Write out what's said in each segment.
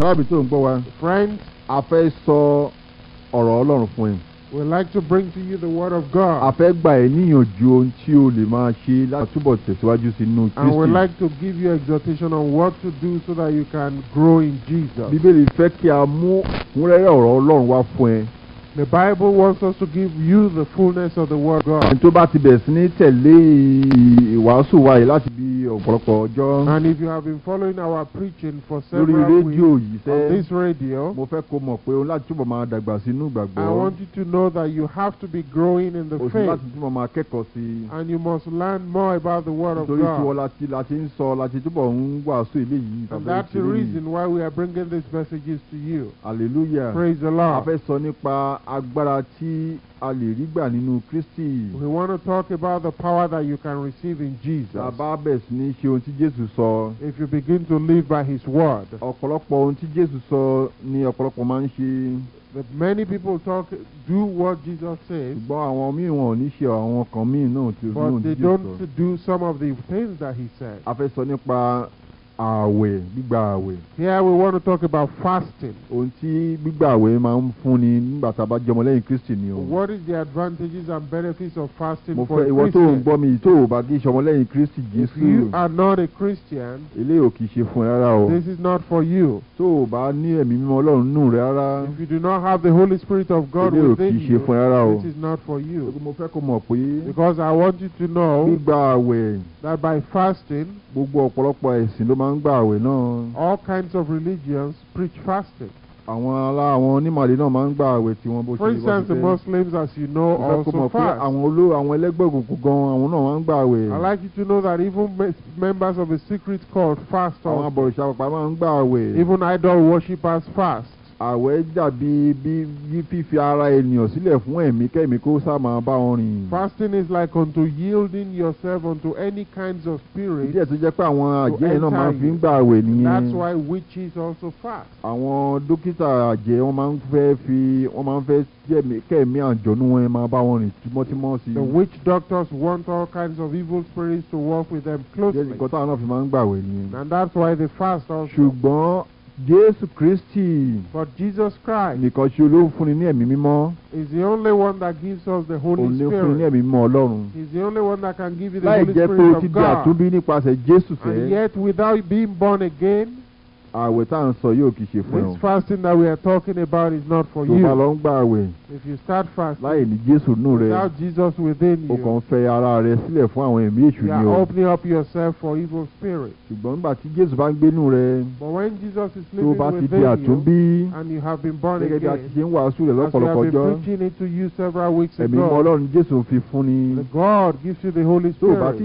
arábìnrin tó ń gbọ́ wa. friends. a fẹ́ sọ ọ̀rọ̀ ọlọ́run fún ẹ. we like to bring to you the word of God. a fẹ́ gbà ẹ́ níyànjú ohun tí o lè máa ṣe láti tẹ̀síwájú sí inú Kristi. and we like to give you exhortation on what to do so that you can grow in Jesus. bíbélì fẹ́ kí a mú múrẹ́rẹ́ ọ̀rọ̀ ọlọ́run wá fún ẹ. The Bible wants us to give you the fullness of the word God. And if you have been following our preaching for several weeks. On this radio. I want you to know that you have to be growing in the faith. And you must learn more about the word of God. And that's the reason why we are bringing these messages to you. Hallelujah. Praise the Lord agbára tí a lè rí gbà nínú Kristi. We want to talk about the power that you can receive in Jesus. sí ní ṣe ohun tí Jésù sọ. If you begin to live by his word. Ọ̀pọ̀lọpọ̀ ohun tí Jésù sọ ni ọ̀pọ̀lọpọ̀ máa ń ṣe. But many people talk do what Jesus says. Ṣùgbọ́n àwọn míì wọn ò ní ṣe àwọn kan míì náà tí Jésù sọ. But they don't do some of the things that he said. nípa ààwẹ̀ gbígba ààwẹ̀. here we want to talk about fasting. ohun tí gbígba ààwẹ̀ máa ń fúnni nígbà tá a bá jẹmọ lẹ́yìn kristi ni o. what is the advantages and benefits of fasting for a christian. mo fẹ́ ìwọ tó ń gbọ́ mi tó o bá kí ìṣọmọ lẹ́yìn kristi jésù. if you are not a christian. ilé ò kì í ṣe fún ẹ rárá o. this is not for you. tó o bá ní ẹ̀mí mímọ́ ọlọ́run nù rẹ rárá. if you do not have the holy spirit of God within you. ilé ò kì í ṣe fún ẹ rárá o. this is not for you. because I want you to know. gbígba ààwẹ̀. that by fasting. gbogbo ọ̀pọ̀lọpọ̀ ẹ̀sìn ló máa máa ń gbààwẹ̀ náà. all kinds of religions preach fasting. àwọn alá àwọn onímọ̀lẹ́ náà máa ń gbààwẹ̀ tí wọ́n bó ṣe for instance the Muslims as you know also fast. ìfẹ́ kò mọ̀ pé àwọn olú àwọn ẹlẹ́gbẹ́ òkùnkùn gan-an àwọn náà máa ń gbààwẹ̀. I'd like you to know that even members of a secret cult fast. àwọn abọ̀rìṣà pàpà máa ń gbààwẹ̀. even idol worshippers fast àwẹ̀ dàbí bí fífi ara ènìyàn sílẹ̀ fún ẹ̀mí kẹ́mi kó sá bá wọn rìn. fasting is like unto yielding yourself unto any kinds of spirit. díẹ̀ tó jẹ́ pé àwọn àjẹ́ yẹn náà máa fi ń gbà àwẹ̀ nìyẹn. that's why witches also fast. àwọn dókítà àjẹ́ wọ́n máa ń fẹ́ fi wọ́n máa ń fẹ́ kẹ́mi àjọ̀nú wọn máa bá wọn rìn tímọ́tímọ́ sí. the witch doctors want all kinds of evil spirits to work with them closely. díẹ̀ nìkan táwọn náà fi máa ń gbà àwẹ̀ nìyẹn. and that's why they fast also. ṣùgbọ́n Jésù Kristi. But Jesus Christ. because you ló for fúnni ní ẹ̀mí is the only one that gives us the Holy Spirit. He's is the only one that can give you the Holy Spirit of God. and yet without being born again kì this fasting that we are talking about is not for you. if you start fasting. láì without Jesus within you. you are opening up yourself for evil spirits. but when Jesus is living within you. and you have been born again. as we have been preaching it to you several weeks ago. the God gives you the Holy Spirit.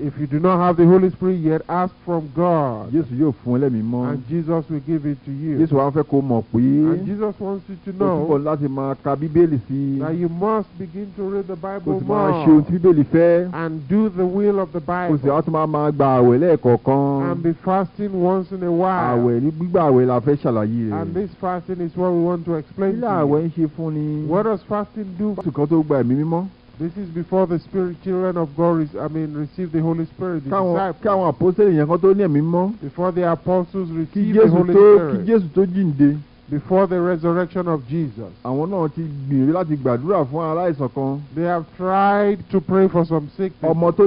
if you do not have the Holy Spirit yet ask ask from God. Jésù yóò fún ẹlẹ́mìí mọ́. And Jesus will give it to you. Jésù wa fẹ́ kó mọ̀ pé. And Jesus wants you to know. O túbọ̀ láti máa ka Bíbélì sí. That you must begin to read the Bible more. Kò sì máa ṣe ohun tí Bíbélì fẹ́. And do the will of the Bible. Kò sì á tún máa máa gba àwẹ̀ lẹ́ẹ̀kọ̀ọ̀kan. And be fasting once in a while. Àwẹ̀ ní gbígbà àwẹ̀ la fẹ́ ṣàlàyé rẹ̀. And this fasting is what we want to explain to you. Kí làwẹ̀ ń ṣe fún ni? What does fasting do? Oṣù kan tó gba ẹ̀mí mímọ́. This is before the spirit children of God is, I mean receive the Holy Spirit. The káwọn káwọn apostoli yẹn kan Before the apostles receive the Holy Spirit. tó jíǹde. Before the resurrection of Jesus. They have tried to pray for some sick Here was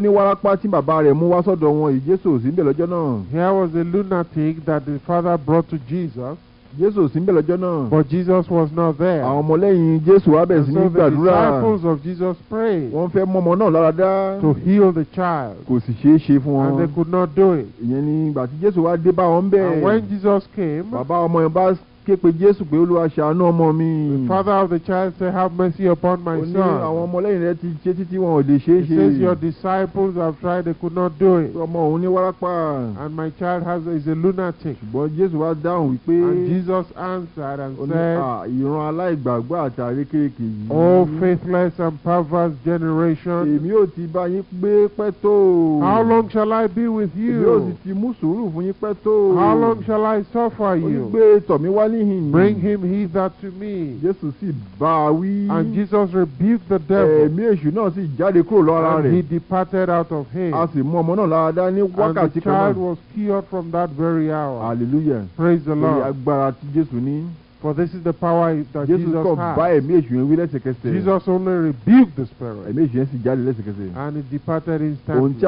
a lunatic that the father brought to Jesus. Jésù sí níbẹ̀ lọ́jọ́ náà. But Jesus was not there. Àwọn ọmọlẹ́yìn Jésù wá ní gbàdúrà. the disciples of Jesus prayed. Wọ́n fẹ́ mọ ọmọ náà lára To heal the child. Kò sì ṣeé ṣe fún wọn. And they could not do it. Ìyẹn ni ìgbà tí Jésù wá dé bá wọn bẹ́ẹ̀. And when Jesus came. Bàbá ọmọ yẹn bá ké pe Jésù pé Olúwa ṣàánú ọmọ mi. The father of the child said have mercy upon my son. ó ní àwọn ọmọlẹ́yìn rẹ ti ṣe títí wọn ò lè ṣe é ṣe. He says your disciples have tried they could not do it. ọmọ òun ní wárápá. And my child has is a lunatic. ṣùgbọ́n Jésù wá dáhùn wípé. And Jesus answered and said. ó à ìran aláìgbàgbọ́ àtàrí kéèké yìí. O faithless and perverse generation. èmi ò ti bá yín pẹ́ tó. How long shall I be with you? èmi ò sì ti mú sùúrù fún yín pẹ́ tó. How long shall I suffer you? ó ní gbé tọ̀mí wálé him. Bring hmm. him hither to me. Jésù And Jesus rebuked the devil. And he departed out of him. A And the child was cured from that very hour. Hallelujah. Praise the Lord. For this is the power that Jesus, Jesus had. Jesus only rebuked the spirit. And it departed instantly.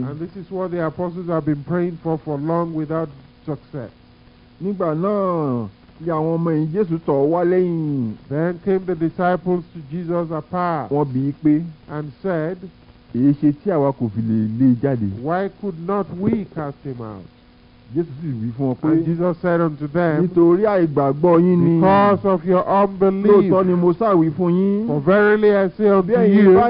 And this is what the apostles have been praying for for long without success. then came the disciples to Jesus apart. and said. why could not we cast him out? And Jesus said unto them. Because of your unbelief. For verily I say unto you.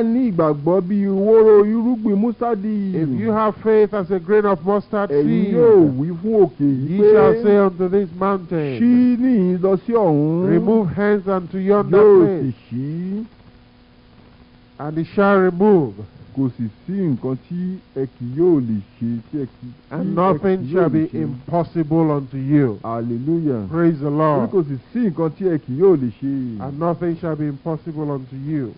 If you have faith as a grain of mustard seed. Ẹ̀yin Ye shall say unto this mountain. Remove hence unto yonder place. And it shall remove kò sì sí nǹkan tí ẹ kì yóò lè ṣe tí ẹ kì yóò lè ṣe. and nothing shall be impossible unto you. hallelujah praise the lord. kò sì sí nǹkan tí ẹ kì yóò lè ṣe. and nothing shall be impossible unto you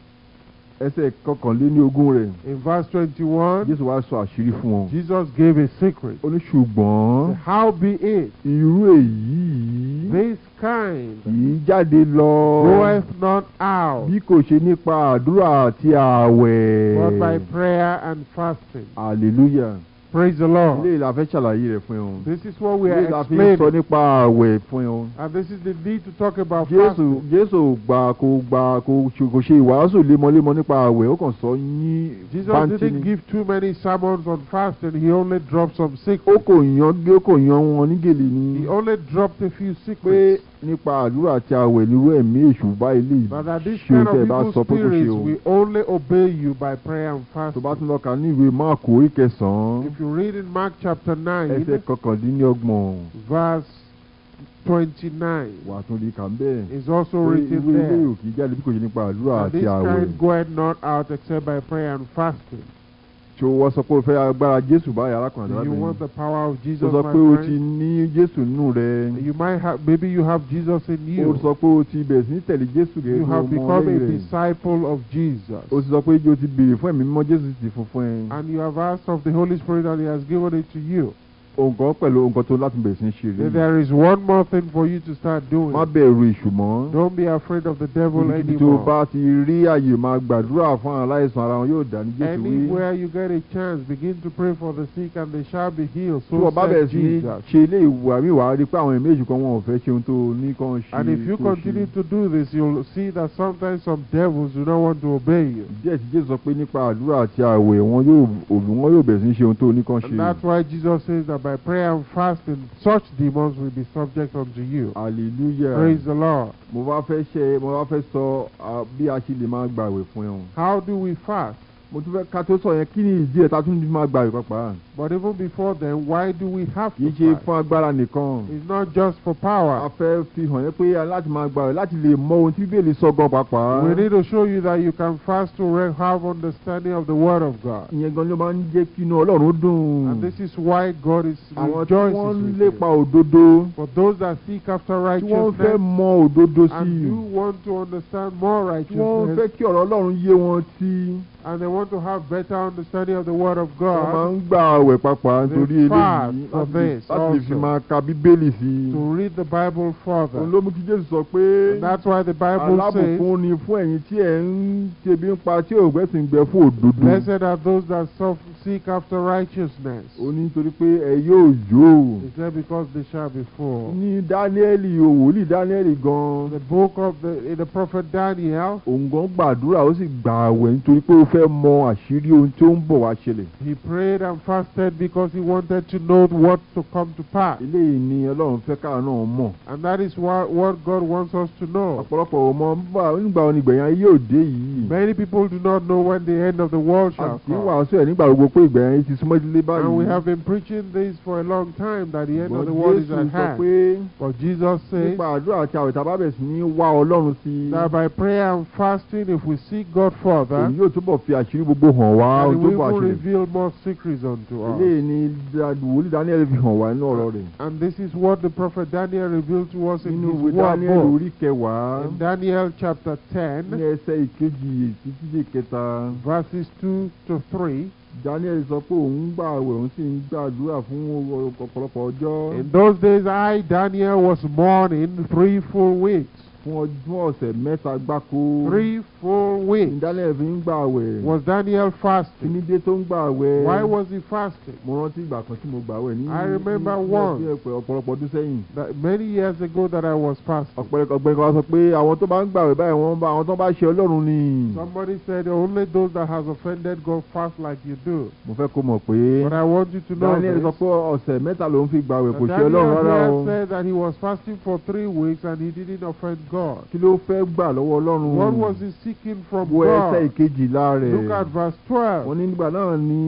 ẹsẹ̀ kọkànlé ní ogún rẹ̀. in verse twenty-one. sọ àṣírí fún wọn. Jesus gave a secret. ó ní ṣùgbọ́n. how be it. irú èyí. this kind. kìí jáde lọ. goeth not out. bí kò ṣe nípa àdúrà àti ààwẹ̀. but by prayer and fasting. hallelujah. Praise the Lord. Ilé ìlà fẹ́ ṣàlàyé rẹ̀ fún un. This is what we are explaining. Ilé ìlà fi sọ nípa àwẹ̀ fún un. And this is the need to talk about fasting. Jésù gbà kò gbà kò kò ṣe ìwàásù lemọ́lemọ́ nípa àwẹ̀ ó kàn sọ yín bántí Jesus didn't give too many sermons on fasting he only dropped some sick. Ó kò yan gbé ó kò yan wọn ní ni. He only dropped a few sick. Pé nípa àdúrà àti àwẹ̀ ìlú ẹ̀mí èṣù bá ilé ṣe tẹ̀ bá sọ pé kò ṣe o. But that this kind of evil spirit will only obey you by prayer and fasting. Tó bá tún lọ kà ní ìwé Máàkù orí án If you you read in Mark chapter 9, verse 29 wà is also written there. and this kind goeth not out except by prayer and fasting ṣò wọ́n sọ pé o fẹ́ agbára Jésù báyìí you want the power of Jesus my friend. o sọ pé o ti ní Jésù rẹ. you might have maybe you have Jesus in you. o sọ pé o ti bẹ̀rẹ̀ sí tẹ̀lé Jésù rẹ. you have become a disciple of Jesus. o sọ pé o ti béèrè fún ẹ̀mí mímọ́ Jésù ti fún fún ẹ. and you have asked of the Holy Spirit that he has given it to you. nǹkan pẹ̀lú nǹkan tó láti bẹ̀rẹ̀ sí ṣe rí. there is one more thing for you to start doing. má bẹ̀rù èṣù mọ́. don't be afraid of the devil anymore. ibi tó bá ti rí àyè máa gbàdúrà fún aláìsàn ara wọn yóò dá ní Jésù wí. anywhere you get a chance begin to pray for the sick and they shall be healed. so said bẹ̀rẹ̀ sí ṣe ilé ìwà mi wàá rí pé àwọn èmi kan wọn ò fẹ́ ṣe ohun tó ní kan ṣe. and if you continue to do this you'll see that sometimes some devils do not want to obey you. díẹ̀ tí Jésù sọ pé nípa àdúrà àti àwẹ̀ wọn yóò bẹ̀rẹ̀ sí ṣe ohun tó ní kan ṣe. and that's why Jesus says that by prayer and fasting, such demons will be subject unto you. Hallelujah. Praise the Lord. Mo wá fẹ́ ṣe mo wá fẹ́ sọ ah, bí a lè fún How do we fast? mo tún fẹ́ ká tó sọ yẹn kí ni ìdí ẹ̀ tún fi máa gba ìpapà. but even before then why do we have to fight. kì í ṣe fún agbára nìkan. it's not just for power. a fẹ́ fi hàn yẹn pé láti máa gba láti lè mọ ohun tí bíbélì sọ gan pàápàá. we need to show you that you can fast to have understanding of the word of God. ìyẹn gan ló máa ń jẹ́ kí inú ọlọ́run dùn. and this is why God is rejoicing with you. àwọn tí wọ́n lépa òdodo. for those that seek after righteousness. tí wọ́n fẹ́ mọ òdodo sí i. and do want to understand more righteousness. tí wọ́n fẹ́ kí ọ̀rọ̀ ọlọ́run yé wọn sí. and they want to have better understanding of the word of God. wọ́n máa ń gba to read the bible further. and that's why the bible says. blessed are those that seek after righteousness. ó said because they shall be full. the book of the, the prophet Daniel mọ àṣírí ohun ń bọ̀ wá ṣẹlẹ̀. He prayed and fasted because he wanted to know what to come to pass. Eléyìí ni Ọlọ́run fẹ́ náà mọ̀. And that is what, what God wants us to know. Ọ̀pọ̀lọpọ̀ ọmọ nígbà wọn yìí. Many people do not know when the end of the world shall come. Àti wàásù ẹ̀ nígbà gbogbo pé ti súnmọ́ ilé báyìí. And we have been preaching this for a long time that the end but of the world Jesus is at hand. Pé, But Jesus said. Nípa àdúrà àti àwẹ̀ tàbá sí ní wá Ọlọ́run sí. That by prayer and fasting if we seek God further. Èyí yóò túbọ̀ fi àṣ gbogbo hàn wá ojú and we will reveal more secrets unto us. ilé ni wòlíì Daniel fi hàn wá ọ̀rọ̀ rẹ̀. and this is what the prophet Daniel revealed to us in his word book. Daniel orí kẹwàá. in Daniel chapter ten. ní ẹsẹ̀ ìkejì títí dé kẹta. verses two to three. Daniel sọ pé òun gbà àwẹ̀ òun sì ń gbàdúrà fún ọ̀pọ̀lọpọ̀ ọjọ́. in those days I Daniel was mourning three full weeks fún ọdún ọ̀sẹ̀ mẹ́ta gbáko. three four weeks. fi ń gbà wẹ̀. was Daniel fasting. dé tó ń gbà wẹ̀. why was he fasting. mo rántí ìgbà kan tí mo gbà wẹ̀ I remember one. ní ọ̀pọ̀lọpọ̀ ọdún sẹ́yìn. many years ago that I was fasting. sọ pé àwọn tó bá ń gbà wẹ̀ báyìí wọ́n bá àwọn tó bá ṣe Ọlọ́run ni. somebody said only those that has offended God fast like you do. mo fẹ́ kó mọ̀ pé. but I want you to know Daniel this. Daniel sọ pé ọ̀sẹ̀ mẹ́ta ló ń fi Daniel said that he was fasting for three weeks and he didn't offend God. God. Kí ló fẹ́ gbà lọ́wọ́ Ọlọ́run? What was he seeking from God? Wo ẹsẹ̀ ìkejìlá rẹ̀. Look at verse twelve. Wọ́n ní nígbà náà ni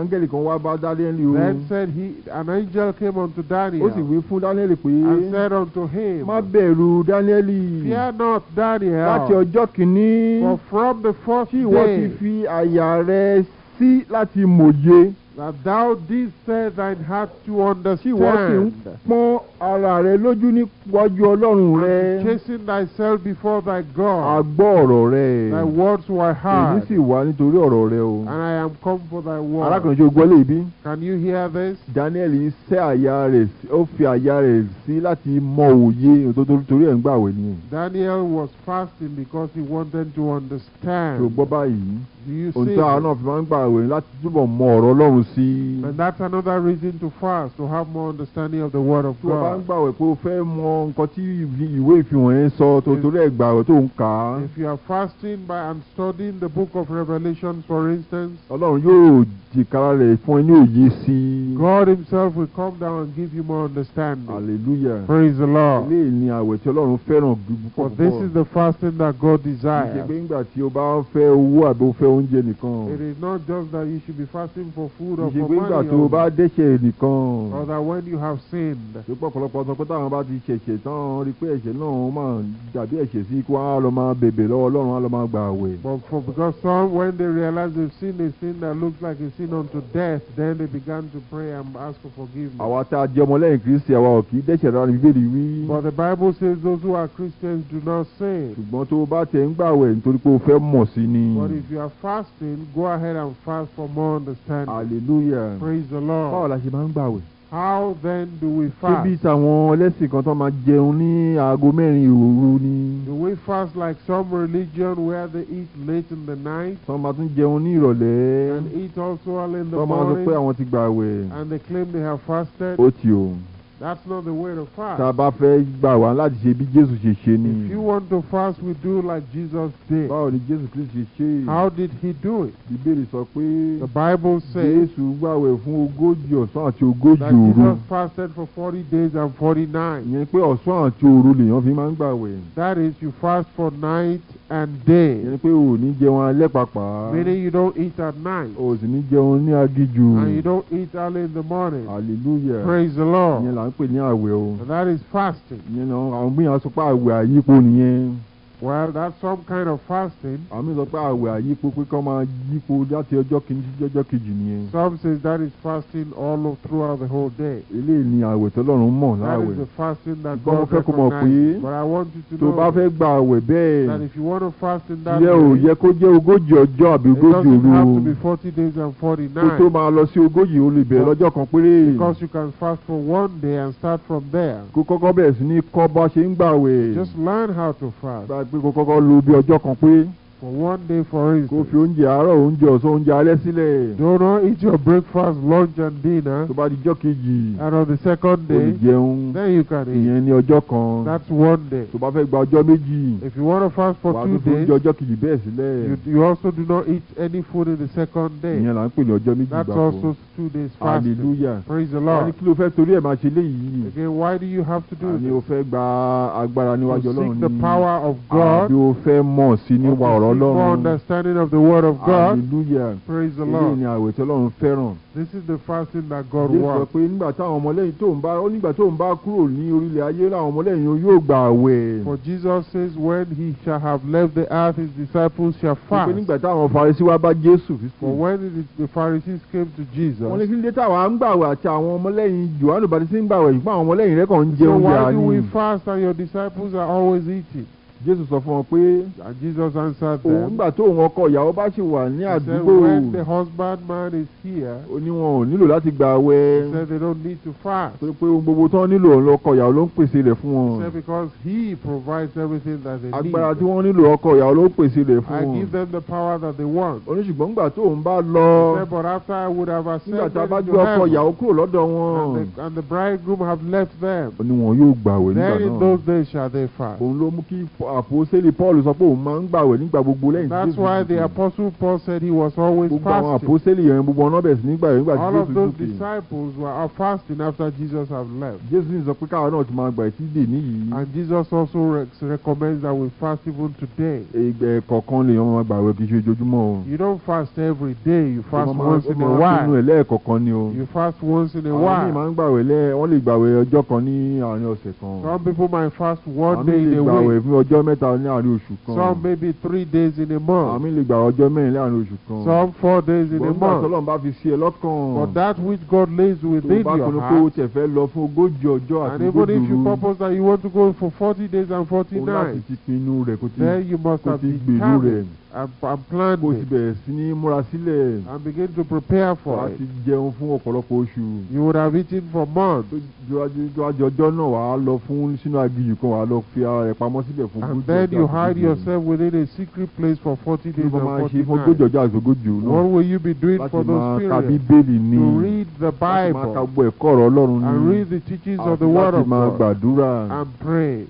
áńgẹ́lì kan wá bá Daniel o. Then said he an angel came unto Daniel. Ó sì wí fún Daniel pé. And said unto him. Má bẹ̀rù Daniel. Fear not Daniel. Láti ọjọ́ kìíní. For from the first day. Tí ìwọ ti fi àyà rẹ sí láti mòye that thou didst set thine heart to understand. tí wọ́n sì ń pọ́n ara rẹ lójú chasing thyself before thy God. a gbọ́ rẹ. thy words were hard. èyí sì wá nítorí ọ̀rọ̀ rẹ o. and I am come for thy word. arákùnrin ṣe o gbọ́ can you hear this? Daniel ṣe àyà rẹ̀ ó fi àyà rẹ̀ sí láti mọ òye torí ẹ̀ ń gbàwẹ̀ ni. Daniel was fasting because he wanted to understand. ṣùgbọ́n báyìí see? tí àwọn náà fi máa ń gbàwẹ̀ láti túbọ̀ mọ ọ̀rọ̀ ọlọ́run sí. and that's another reason to fast to have more understanding of the word of God. tó o bá ń gbàwẹ̀ pé o fẹ́ mọ nǹkan tí ìwé ìfihàn yẹn sọ tó torí ẹ̀ gbàwẹ̀ tó ń kà á. if you are fasting by and studying the book of Revelation for instance. Ọlọ́run yóò jìkàrà rẹ̀ fún ẹ ní òye sí God himself will come down and give you more understanding. hallelujah praise the Lord. ilé ìní àwẹ̀ tí Ọlọ́run fẹ́ràn gbogbo. for this is the fasting that God desires. ńgbà tí o bá fẹ́ owó àbí o fẹ́ oúnjẹ nìkan. it is not just that you should be fasting for food. of companion. ìṣègbè nígbà tó bá dẹ́ṣẹ̀ nìkan. or that when you have sinned. ṣùgbọ́n ọ̀pọ̀lọpọ̀ sọ pé táwọn bá ti ṣẹ̀ṣẹ̀ tán rí pé ẹ̀ṣẹ̀ náà máa dàbí ẹ̀ṣẹ̀ sí kó á lọ máa bèbè lọ́wọ́ Ọlọ́run á lọ máa gbà àwẹ̀. but for because some when they realize they sin a sin that looks like a sin unto death then they began to pray and ask for forgiveness. àwa tá a jẹ́ ọmọlẹ́yìn Kristi àwa ò kì í dẹ́ṣẹ̀ rárá ní bíbélì wí. but the Bible says those who are Christians do not sin. ṣùgbọ́n tó o bá tẹ̀ ń gbàwẹ̀ nítorí pé o fẹ́ mọ̀ sí ni. but if you are fasting go ahead and fast for more understanding. hallelujah. praise the lord. báwo la ṣe máa ń how then do we fast. ṣé bí ẹlẹ́sìn kan tó máa jẹun ní aago mẹ́rin ni. do we fast like some religion where they eat late in the night. tó máa tún jẹun ní ìrọ̀lẹ́. and eat also early in the morning. tó máa pé àwọn ti and they claim they have fasted. ó ti o. That's not the way to fast. Tá bá fẹ́ gbà wá láti ṣe bí Jésù ṣe ṣe ni. If you want to fast, we do like Jesus did. Báwo ni Jésù Kristu ṣe ṣe? How did he do it? Ìbéèrè sọ pé. The Bible says. Jésù gbàwẹ̀ fún ogójì ọ̀sán àti ogójì òru. That Jesus fasted for forty days and forty-nine. Ìyẹn pé ọ̀sán àti òru lèèyàn fi máa ń gbàwẹ̀. That is you fast for night and day. Ìyẹn pé o ò ní jẹun alẹ́ pàpà. Meaning you don't eat at night. O sì ní jẹun ní agíjù. And you don't eat early in the morning. Hallelujah. Praise the Lord. Ìyẹn à ń pè ní àwẹ̀ o. that is fasting. you know àwọn gbìyànjú sọ pé àwẹ̀ àyípo nìyẹn. Well, that's some kind of fasting. Àmì sọ pé àwẹ̀ àyípo pé kọ́ máa yípo láti ọjọ́ kìíní sí ọjọ́ kejì nìyẹn. Some says that is fasting all of, throughout the whole day. Eléyìí ni àwẹ̀ tọ́lọ́run mọ̀ láàwẹ̀. That is the fasting that God recognized. Ìgbọ́n fẹ́ kó mọ̀ pé. But I want you to know. Tó bá fẹ́ gba àwẹ̀ bẹ́ẹ̀. That if you want to fast in that way. Yẹ ò yẹ kó jẹ́ ogójì ọjọ́ àbí ogójì òru. It doesn't have to be forty days and forty nights. Kó tó máa lọ sí ogójì ó lè lọ́jọ́ kan péré. Because you can fast for one day and start from there. Kó kọ́kọ́ bẹ̀rẹ̀ Just learn how to fast pé kó kọ́kọ́ lo bí ọjọ́ kan pé for one day for instance. kó fi oúnjẹ àárọ̀ oúnjẹ ọ̀sán oúnjẹ alẹ́ sílẹ̀. do eat your breakfast lunch and dinner. tó bá di ijọ́ kejì. and on the second day. o lè jẹun. then you can eat. ìyẹn ní ọjọ́ kan. that's one day. tó bá fẹ́ gba ọjọ́ méjì. if you want to fast for two days. wàá tún fi ọjọ́ kejì bẹ́ẹ̀ sílẹ̀. you also do not eat any food in the second day. ìyẹn là ń pè ní ọjọ́ méjì gbàgbọ́. that's also two days fasting. hallelujah praise the lord. wọ́n ní kí ló fẹ́ torí ẹ̀ máa ṣe léyìí. again why do you have to do this. seek the power of God. ọ̀rọ̀ understanding of the word of God. hallelujah praise the Lord. this is the fasting that God wants. for Jesus says when he shall have left the earth his disciples shall fast. for when the Pharisees came to Jesus. so why do we fast and your disciples are always eating? jésù sọ fún wọn pé. jesus answered them. òun gbà tó òun ọkọ ìyàwó bá sì wà ní àdúgbò. he said when the husband man is here. ó ní wọn ò nílò láti gba àwẹ̀. he said they don't need to fast. pé pé ohun gbogbo tán nílò ọkọ ìyàwó ló ń pèsè rẹ̀ fún wọn. he said because he provides everything that they need. agbára tí wọ́n nílò ọkọ ìyàwó ló ń pèsè rẹ̀ fún wọn. I give them the power that they want. ó ní ṣùgbọ́n gbà tó òun bá lọ. he said but after I would have accepted him to heaven. nígbà tá a bá gbé ọkọ ìyàwó and the, bridegroom have left them. ó in those days shall they fast àpòsílẹ̀ Paul sọ pé òun máa ń gbàwẹ̀ nígbà gbogbo lẹ́yìn tí Jésù. that's why the apostle Paul said he was always fasting. gbogbo àwọn àpòsílẹ̀ yẹn gbogbo ọ̀nà bẹ̀rẹ̀ sí ní gbàwẹ̀ nígbà Jésù dùn all of those disciples were fasting after Jesus had left. Jésù sọ pé káwọn náà ti máa gbà tí dè níyìí. and Jesus also recommends that we fast even today. ẹgbẹ́ kọ̀ọ̀kan lè yan gbàwẹ̀ kì í ṣe ojoojúmọ́ o. you don't fast every day you fast once in a while. you fast once in a while. àwọn míì máa ń gbàwẹ̀ lẹ́ some people might fast one day a week mẹ́ta ní àárín oṣù kan. some maybe three days in a month. àmì lè gbà ọjọ́ mẹ́rin láàrin oṣù kan. some four days in a month. bọ́ńdà tọ́lọ́run bá fi sí ẹ lọ́kàn. but that which God lays within your heart. tó bá pinnu pé o tẹ̀ fẹ́ lọ fún ogójì ọjọ́ àti ogójì òru. and even if you purpose that you want to go for forty days and forty nights. o láti ti pinnu rẹ̀ kó ti gbèrú rẹ̀. then you must have determined. I, I mo ti bẹ̀rẹ̀ sí ní múra sílẹ̀. I began to prepare for it. láti jẹun fún ọ̀pọ̀lọpọ̀ oṣù. you would have eaten for months. jọjọ ọjọ́ náà wàá lọ fún sínú aginjù kan wàá lọ fi ara rẹ̀ pamọ́ síbẹ̀ fún. and then you hide yourself within a secret place for forty days and forty nights. kí ló máa ṣe fọgójì ọjọ́ àgbègbèjì náà. what will you be doing for those periods. to read the bible. and read the teachings of the word of God. and pray.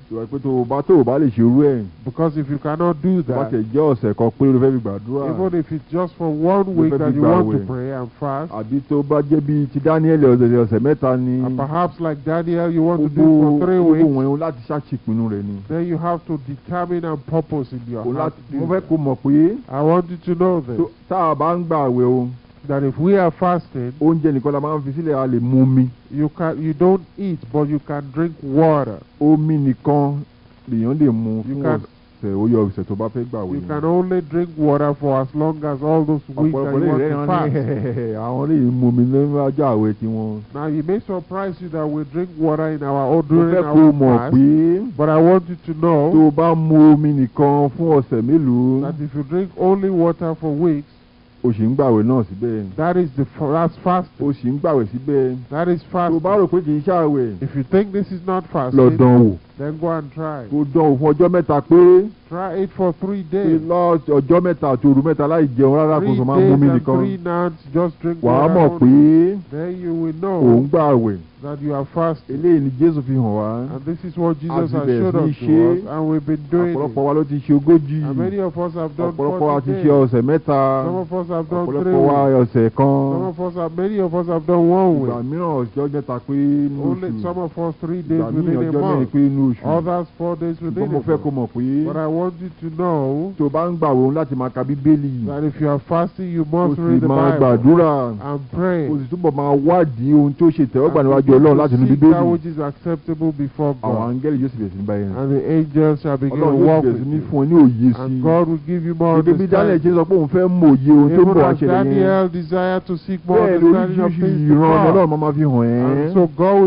because if you cannot do that. even if it's just for one week that you want to pray and fast. àbí tó bá jẹ́ bíi ti Daniel ọ̀sẹ̀ ọ̀sẹ̀ mẹ́ta ni. and perhaps like Daniel you want to do for three weeks. wọn láti ṣàṣìpinnu rẹ ni. then you have to determine and purpose in your heart. mo fẹ́ kó mọ̀ pé. I want you to know this. tá a bá ń gbà o. that if we are fasting. oúnjẹ nìkan la máa ń fi sílẹ̀ a lè mu omi. you can you don't eat but you can drink water. omi nìkan lèèyàn lè mu fún ọ̀sẹ̀. ọ̀sẹ̀ oyè ọ̀sẹ̀ tó bá fẹ́ gbàwé. you can only drink water for as long as all those weeks that you were in fast. àwọn lè mú mi lẹ́nu ajá àwẹ̀ tiwọn. now you may surprise you that we drink water in our own during our fast. mo fẹ́ kó mọ̀ pé. but I want you to know. tó o bá mu omi nìkan fún ọ̀sẹ̀ mélòó. that if you drink only water for weeks o sì ń gbàwé náà síbẹ̀. that is the that's fast. o sì ń gbàwé síbẹ̀. that is fast. tó o bá rò pé kì í ṣàwẹ̀. if you think this is not fast. lọ dán wò then go and try. kó dán òfun ọjọ́ mẹ́ta péré. try it for three days. lọ ọjọ́ mẹ́ta àti òru mẹ́ta láì jẹun rárá kó sọ máa mú mi nìkan. three days and three nights just drink water only. wàá mọ̀ pé. then you will know. òun gbà àwẹ̀. that you are fasting. eléyìí ni Jésù fi hàn wá. and this is what Jesus has showed us to us and we have been doing it. ọ̀pọ̀lọpọ̀ wa ló ti ṣe ogójì. and many of us have done forty days. ọ̀pọ̀lọpọ̀ wa ti ṣe ọ̀sẹ̀ mẹ́ta. some of us have done three. ọ̀pọ̀lọpọ̀ wa ọ̀sẹ̀ kan. some of us have many of us have done one week. ìgbà mìíràn ọjọ́ mẹ́ta only some of us three days pé inú oṣù. others four days within. mo fẹ́ kó mọ̀ pé. but I want you to know. tó o bá ń gbà láti máa ka bíbélì. that if you are fasting you must read the Bible. o sì máa gbàdúrà. and pray. o sì túbọ̀ máa wádìí ohun tó ṣe tẹ́wọ́gbà níwájú ọlọ́run láti inú bíbélì. see that which is acceptable before God. àwọn angẹ́lì yóò sì bẹ̀rẹ̀ sí ní báyìí. and the angels shall begin to walk with you. ọlọ́run yóò bẹ̀rẹ̀ sí ní fún ọ ní òye and God will give you more understanding. ìdébí Daniel ṣe pé òun fẹ́ mọ òye ohun tó ń bọ̀ àṣẹlẹ̀ yẹn. Daniel desired to seek more understanding of things to come.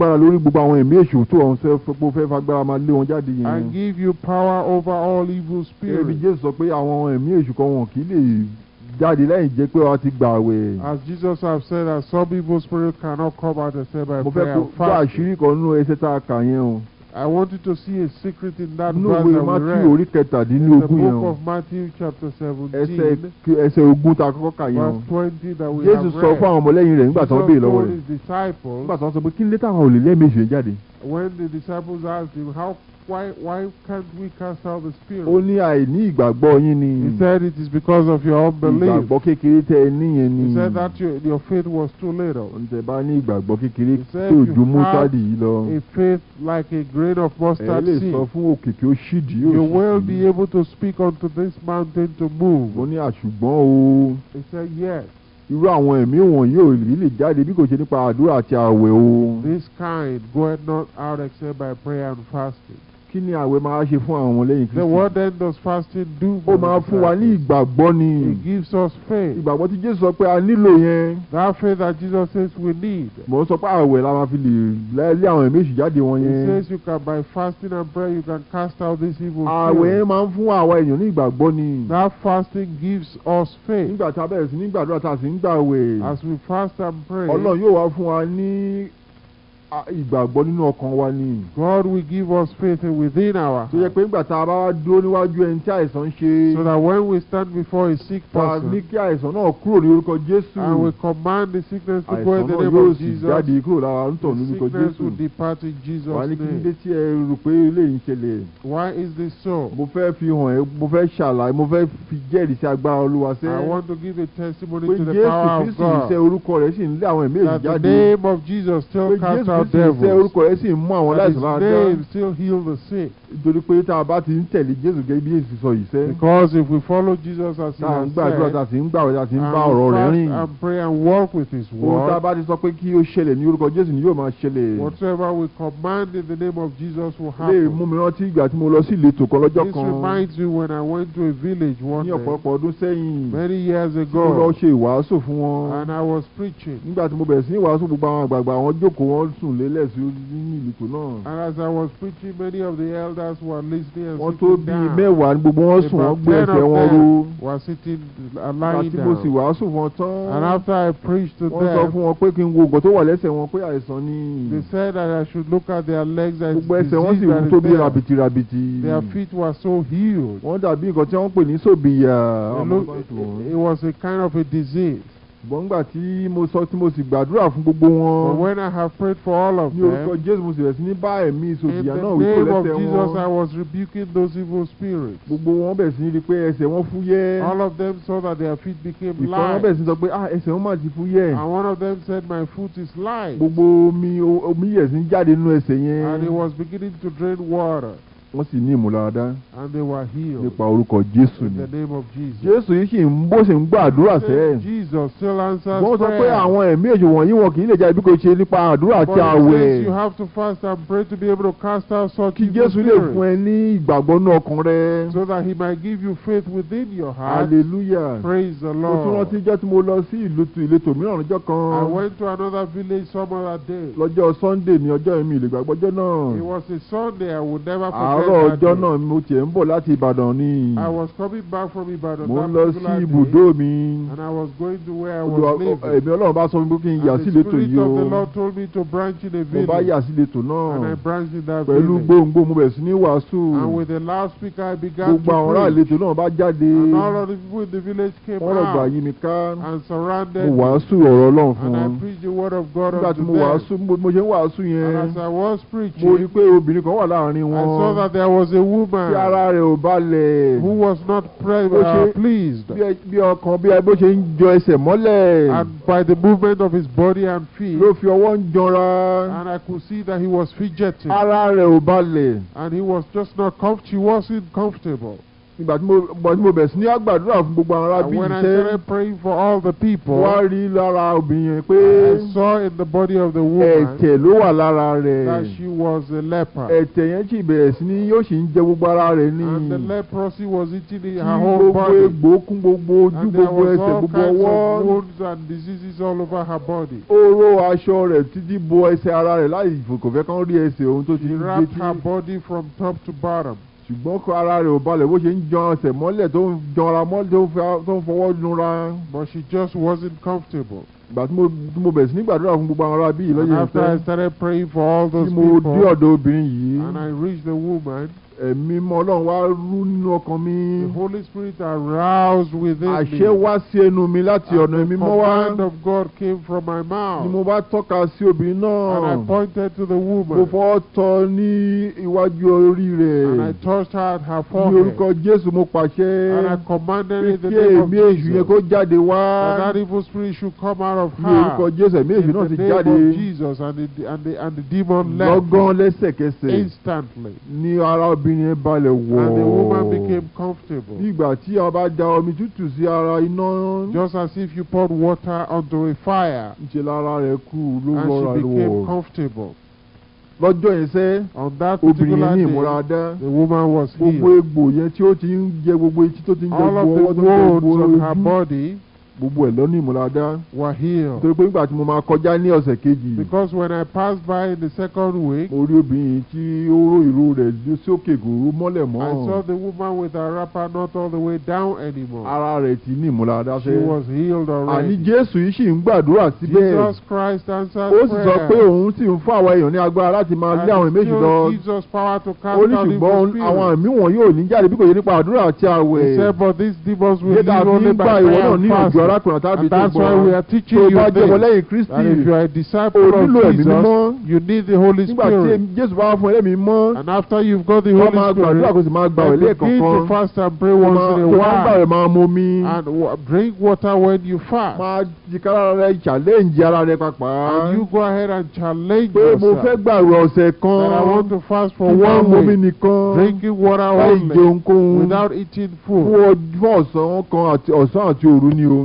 bẹ́ẹ̀ lórí ẹ̀mí èṣù tó ọ̀hún ṣe pé fẹ́ fagbára máa lé wọn jáde yìí. and give you power over all evil spirits. ebi Jésù sọ pé àwọn ẹ̀mí èṣù kan wọn kì í lè jáde lẹ́yìn jẹ́ pé wọ́n ti gbààwẹ̀. as Jesus have said that some evil spirits cannot come out except by prayer mo fẹ́ kó àṣírí kan nínú ẹsẹ̀ tá a kà yẹn o. I want you to see a secret in that no, verse that we read. Nínú ìwé Matthew orí kẹtàdínlógún yẹn. In the book of Matthew chapter seventeen. Ẹsẹ̀ ẹsẹ̀ ogún ta kọ́kọ́ kà yẹn. Verse twenty that we Jesus have read. Jésù sọ fún àwọn ọmọlẹ́yìn rẹ̀ nígbà tí wọ́n béèrè lọ́wọ́ rẹ̀. Jesus told his disciples. Nígbà tí wọ́n sọ pé kí lé táwọn ò lè lẹ́ẹ̀mejì rẹ̀ jáde. When the disciples asked him how why why can't we cast out the spirit? ó ní àìní ìgbàgbọ́ yín ni. he said it is because of your unbelief. ìgbàgbọ́ kékeré tẹ ẹ níyẹn ni. he said that your, your faith was too little. ǹjẹ́ bá ní ìgbàgbọ́ kékeré tó ju mustard yìí lọ. a faith like a grain of mustard seed. ẹ lè sọ fún òkè kí ó ṣídìí òṣìṣẹ́. you will be able to speak unto this mountain to move. ó ní àṣùgbọ́n o. he said yes irú àwọn ẹ̀mí wọ̀nyí ò rí lè jáde bí kò ṣe nípa àdúrà àti ààwẹ̀ o. this kind goeth not out except by prayer and fasting kí ni àwẹ̀ máa ṣe fún àwọn ọmọlẹ́yìn kristu. then what then does fasting do. ó máa fún wa ní ìgbàgbọ́ ni. He gives us faith. ìgbàgbọ́ tí jésù sọ pé a nílò yẹn. that faith that Jesus says we need. mo sọ pé àwẹ̀ la máa fi lè lé àwọn ẹ̀mí èṣù jáde wọn yẹn. he says you can by fasting and prayer you can cast out this evil. àwẹ̀ yẹn máa ń fún àwa èèyàn ní ìgbàgbọ́ ni. that fasting gives us faith. nígbà tá a bẹ̀rẹ̀ sí ní tá a sì ń gbàwẹ̀. as we fast and pray. ọlọ́run yóò wá fún wa ní ìgbàgbọ́ nínú ọkàn wa ni. God will give us faith within our tó yẹ pé nígbà tá a bá wá dúró níwájú ẹni tí àìsàn ṣe. so that when we stand before a sick person. ta ní kí àìsàn náà kúrò ní orúkọ Jésù. and we command the sickness to go in the name of Jesus. àìsàn náà yóò sì jáde kúrò lára nítorí orúkọ Jésù. the sickness will depart in Jesus' name. wà á ní kí ní tí ẹ rò pé ilé yìí ṣẹlẹ̀. why is this so? mo fẹ́ fi hàn ẹ́ mo fẹ́ ṣàlàyé mo fẹ́ fi jẹ́rìí sí agbára Olúwa sẹ́. I want to give a testimony to the power of God. pé Jésù Kristi iṣẹ́ orúkọ rẹ̀ sì ń lé àwọn ẹ̀mí that the name of Jesus still devils. his name still heal the sick. because if we follow Jesus as he has said. and pray and walk with his word. whatever we command in the name of Jesus will happen. this reminds me when I went to a village one day. many years ago. and I was preaching. sùn lélẹ̀ sí nínú ìlùkù náà. and as I was preaching many of the elders were listening and wọ́n sitting down. wọ́n tó bíi mẹ́wàá ní gbogbo wọn sùn wọ́n gbé ẹsẹ̀ wọn ró. sitting and uh, lying down. àti mo sì wàásù fún ọ tán. and after I preached to them. wọ́n sọ fún wọn pé kí n wo ògùn tó wà lẹ́sẹ̀ wọn pé àìsàn ni. they said that I should look at their legs as disease that is there. their feet were so healed. wọ́n dàbí nǹkan tí wọ́n pè ní sòbìyà. it was a kind of a disease ṣùgbọ́n nígbà tí mo sọ tí mo sì gbàdúrà fún gbogbo wọn. but when I have prayed for all of them. ní orúkọ Jésù mo sì bẹ̀rẹ̀ sí ní bá ẹ̀mí ìsòdìyà náà wí kó wọn. in the name of Jesus I was rebuking those evil spirits. gbogbo wọn bẹ̀rẹ̀ sí ní rí pé ẹsẹ̀ wọn fúyẹ́. all of them saw that their feet became light. ìkan bẹ̀rẹ̀ sí sọ pé ah ẹsẹ̀ wọn máa ti fúyẹ́. and one of them said my foot is light. gbogbo omi omi yẹ̀ sí jáde nínú ẹsẹ̀ yẹn. and he was beginning to drain water wọ́n sì ní ìmúláradá and they were healed nípa orúkọ Jésù ni in the name of Jesus Jésù yìí sì ń bó ṣe ń gbàdúrà sẹ́yìn Jesus still answers prayer wọ́n sọ pé àwọn ẹ̀mí èjì wọ̀nyí wọn kì í lè jẹ́ ibi kò ṣe nípa àdúrà àti àwẹ̀ but he says you have to fast and pray to be able to cast out such evil spirits kí Jésù lè fún ẹ ní ìgbàgbọ́ ní ọkàn rẹ so that he might give you faith within your heart hallelujah praise the Lord mo tún rántí jẹ́ tí mo lọ sí ìlú tu ìletò mìíràn lọ́jọ́ kan I went to another village some other day lọ́jọ́ Sunday ni ọjọ́ mi ìlè gbàgbọ́jọ́ náà it was a Sunday I would never forget àárọ̀ ọjọ́ náà mo tiẹ̀ ń bọ̀ láti Ìbàdàn ni. I was coming back from Ibadan that mo ń lọ sí ibùdó mi. and I was going to where I was living. èmi Ọlọ́run bá sọ fún mi kí n yà sí ìletò yìí o. and the spirit of the Lord told me to branch in a village. mo bá yà sí ìletò náà. and I branched in that village. pẹ̀lú gbòǹgbò mo bẹ̀rẹ̀ sí ní wàásù. and with the loudspeaker I began to preach. gbogbo àwọn ará ìletò náà bá jáde. and all of the people in the village came out. wọ́n rọ̀gbà yí mi ká. and surrounded me. mo wàásù ọ̀rọ̀ Ọlọ́run fún wọn. and I preached the word of God unto them. nígbà and as I was preaching. mo saw that there was a woman. who was not pre uh, pleased. and by the movement of his body and feet. and I could see that he was fidgeting. and he was just not comfortable. wasn't comfortable. ìgbà tí mo ìgbà tí mo bẹ̀rẹ̀ sí ní àgbàdúrà fún gbogbo àwọn arábí yìí and when I started praying for all the people. wá rí lára obìnrin pé. I saw in the body of the woman. ẹ̀tẹ̀ ló wà lára rẹ̀. that she was a leper. ẹ̀tẹ̀ yẹn sì bẹ̀rẹ̀ sí ní yóò sì ń jẹ gbogbo ara rẹ̀ ní. and the leprosy was eating her whole body. gbogbo egbò kún gbogbo ojú gbogbo ẹsẹ̀ gbogbo ọwọ́. and there was all kinds of wounds and diseases all over her body. ó ró aṣọ rẹ̀ títí bo ẹsẹ̀ ara rẹ̀ láì kò kán rí ẹsẹ̀ ohun tó ti ń gbé tí. she wrapped her body from top to bottom. ṣùgbọ́n kọ ara rẹ̀ ò balẹ̀ bó ṣe ń jan mọ́lẹ̀ tó ń mọ́lẹ̀ tó ń fọwọ́ nura. but she just wasn't comfortable. ìgbà tí mo bẹ̀rẹ̀ sí ní gbàdúrà fún gbogbo ará bí ìlọ́yẹ̀ and after I started praying for all those people. tí mo dé ọ̀dọ̀ obìnrin yìí. and I reached the woman ẹ̀mí ọlọ́run wá rú nínú ọkàn mi. the holy spirit aroused within me. àṣẹ wá sí ẹnu mi láti ọ̀nà ẹ̀mí mọ́ wá. the command of God came from my mouth. ni mo bá tọ́ka sí obìnrin náà. and I pointed to the woman. mo fọ́ tọ́ ní iwájú orí rẹ̀. and I touched her at her forehead. ní orúkọ Jésù mo pàṣẹ. and I commanded in the name of Jesus. kí èmi èṣù yẹn kó jáde wá. and that evil spirit should come out of her. ní orúkọ Jésù ẹ̀mí èṣù náà ti jáde. in the name of Jesus and the and the and the demon left. lọ́gán lẹ́sẹ̀kẹsẹ̀. instantly. ní ara obìnrin obìnrin balẹ̀ wọ̀. and the woman became comfortable. tí a bá da omi tútù sí ara iná. just as if you poured water onto a fire. ǹjẹ́ lára rẹ̀ kú ló wọ ara rẹ̀ wọ̀. and she became comfortable. lọ́jọ́ yẹn sẹ́ obìnrin yẹn ní ìmúra dá gbogbo egbò yẹn tí ó ti ń jẹ gbogbo etí tó ti ń jẹ gbogbo ọwọ́ tó ń jẹ gbogbo ojú. gbogbo ẹ̀ lọ́nà ìmúradá. were healed. nítorí pé nígbà tí mo máa kọjá ní ọ̀sẹ̀ kejì. because when I passed by the second week. mo rí obìnrin tí ó ró ìró rẹ̀ sókè kò mọ́lẹ̀ mọ́. I saw the woman with her wrapper not all the way down anymore. ara rẹ̀ ti ní ìmúradá fẹ́. she was healed already. àní Jésù yìí sì ń gbàdúrà síbẹ̀. Jesus Christ answered prayer. ó sì sọ pé òun sì ń fún àwọn èèyàn ní agbára láti máa lé àwọn èméjì lọ. and he gives power to cast out evil spirits. ó ní ṣùgbọ́n àwọn àmì wọ̀nyí ò ní jáde bí kò yẹ nípa àdúrà àti àwẹ̀. he said these demons will leave only by that's why we are teaching you things. if you are a disciple of Jesus you need the Holy Spirit. and after you have got the Holy Spirit. you máa begin to fast and pray once in a while. and drink water when you fast. challenge and you go ahead and challenge yourself. pé I want to fast for one week. omi drinking water only. without eating food.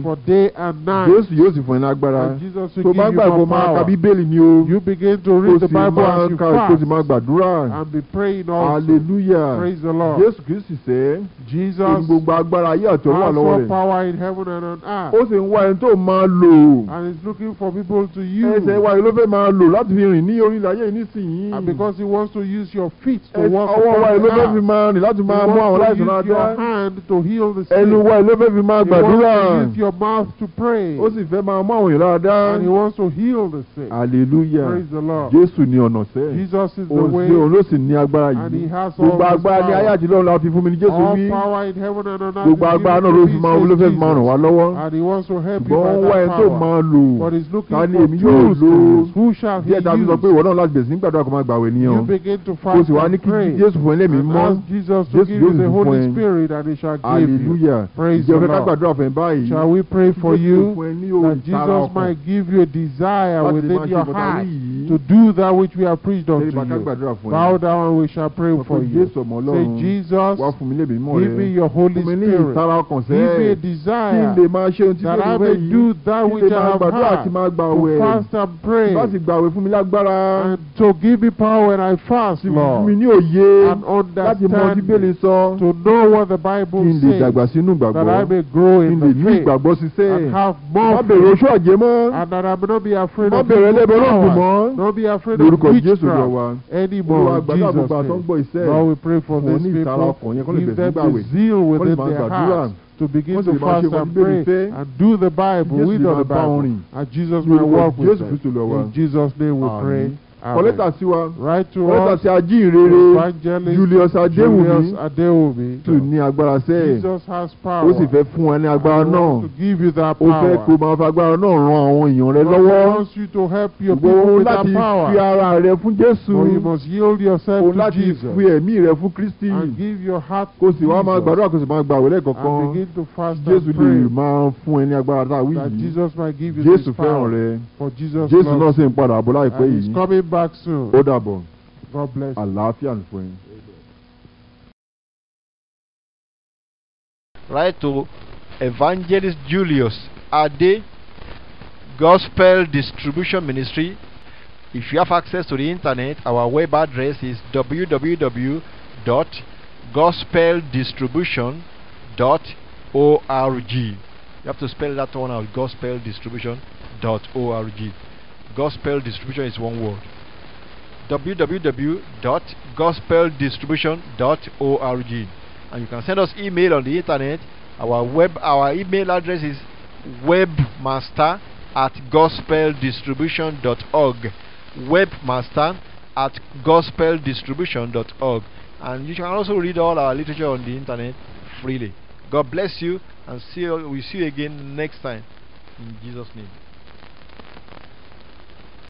for day and night. Jésù yóò sì fún ẹ lágbára. tó bá gbàgbọ́ máa ka Bíbélì ni o. you begin to read the Bible as you fast. kó the máa gbàdúrà. and be praying also. hallelujah. praise the Lord. Yes, Christ is sẹ́. Jesus in gbogbo agbára ayé àti ọ̀run wà lọ́wọ́ has power in heaven and on earth. ó sì why wá ẹni tó máa lò. and is looking for people to use. ẹsẹ̀ wa ló fẹ́ máa lò láti fi rìn ní orí ilẹ̀ ayé nísìnyí. and because he wants to use your feet to walk upon the earth. ọwọ́ wa ló fẹ́ man, máa he wants to use your hand to heal the sick. ẹnu why ló fẹ́ fi máa gbàdúrà. he wants to use your mouth to pray. ó sì fẹ́ máa mú àwọn èèyàn lára dá. and he wants to heal the sick. hallelujah praise the lord. Jésù ni ọ̀nà sẹ́. Jesus is the way. òun ló sì ní agbára yìí. and he has all this power. gbogbo agbára ní ayé àtijọ́ la fún mi ní Jésù wí. all power in heaven and on earth. gbogbo agbára náà ló fi máa ló fẹ́ máa ràn wá lọ́wọ́. and he wants to help you by that power. bọ́n wá ẹ tó máa lò. but he is looking for tools. ta ni èmi yóò lò. who shall he use. díẹ̀ tàbí sọ pé ìwọ náà láti bẹ̀sẹ̀ nígbàdúrà kó máa gbàwẹ̀ nìyẹn. you begin to fast and pray. o sì wá ní kí Jésù fún ẹ mọ́. and ask Jesus to give you the Holy Spirit and he shall give you. hallelujah. praise the Lord. ìjọba ká gbàdúrà báyìí. shall we pray for you that Jesus might give you a desire within your heart to do that which we have preached unto you. Bow down and we shall pray for you. Say, Jesus, give me your Holy Spirit. Give me a desire that I may do that which I have had to fast and pray and to give me power when I fast, Lord, and understand to know what the Bible says that I may grow in the faith sì ṣe. I have more àjẹ́ mọ́. and that I may not be afraid of people power. má bèrè ẹlẹ́bọ̀ mọ́. no be afraid of witchcraft. lórúkọ Jésù in Jesus name. olùwàgbàdàgbà tó ń gbọ́ iṣẹ́. Lord we pray for these people. give them the zeal within their hearts to begin to fast and pray and do the Bible. We do the Bible. And Jesus will walk with them. In Jesus' name we pray. kọ sí wa write to us kọ lẹ́tà sí ajínrere Julius Adéwùmí tù ní agbára sẹ́ẹ̀ ó sì fẹ́ fún ẹ ní agbára náà ó fẹ́ kó máa fa agbára náà ran àwọn èèyàn rẹ lọ́wọ́ gbogbo láti fi ara rẹ fún Jésù o láti fi ẹ̀mí rẹ fún Kristi kó sì wá máa gbàdúrà kó sì máa gbàwé lẹ́ẹ̀kọ̀kan Jésù lè máa fún ẹ ní agbára tá yìí Jésù fẹ́ràn rẹ Jésù náà sì ń padà bọ̀ láìpẹ́ yìí. back soon. God bless you. Àlàáfíà ń fún Write to Evangelist Julius Ade, Gospel Distribution Ministry. If you have access to the internet, our web address is www.gospeldistribution.org. You have to spell that one out gospeldistribution.org. Gospel distribution is one word www.gospeldistribution.org and you can send us email on the internet our web our email address is webmaster at gospeldistribution.org webmaster at gospeldistribution.org and you can also read all our literature on the internet freely god bless you and see you, we we'll see you again next time in jesus name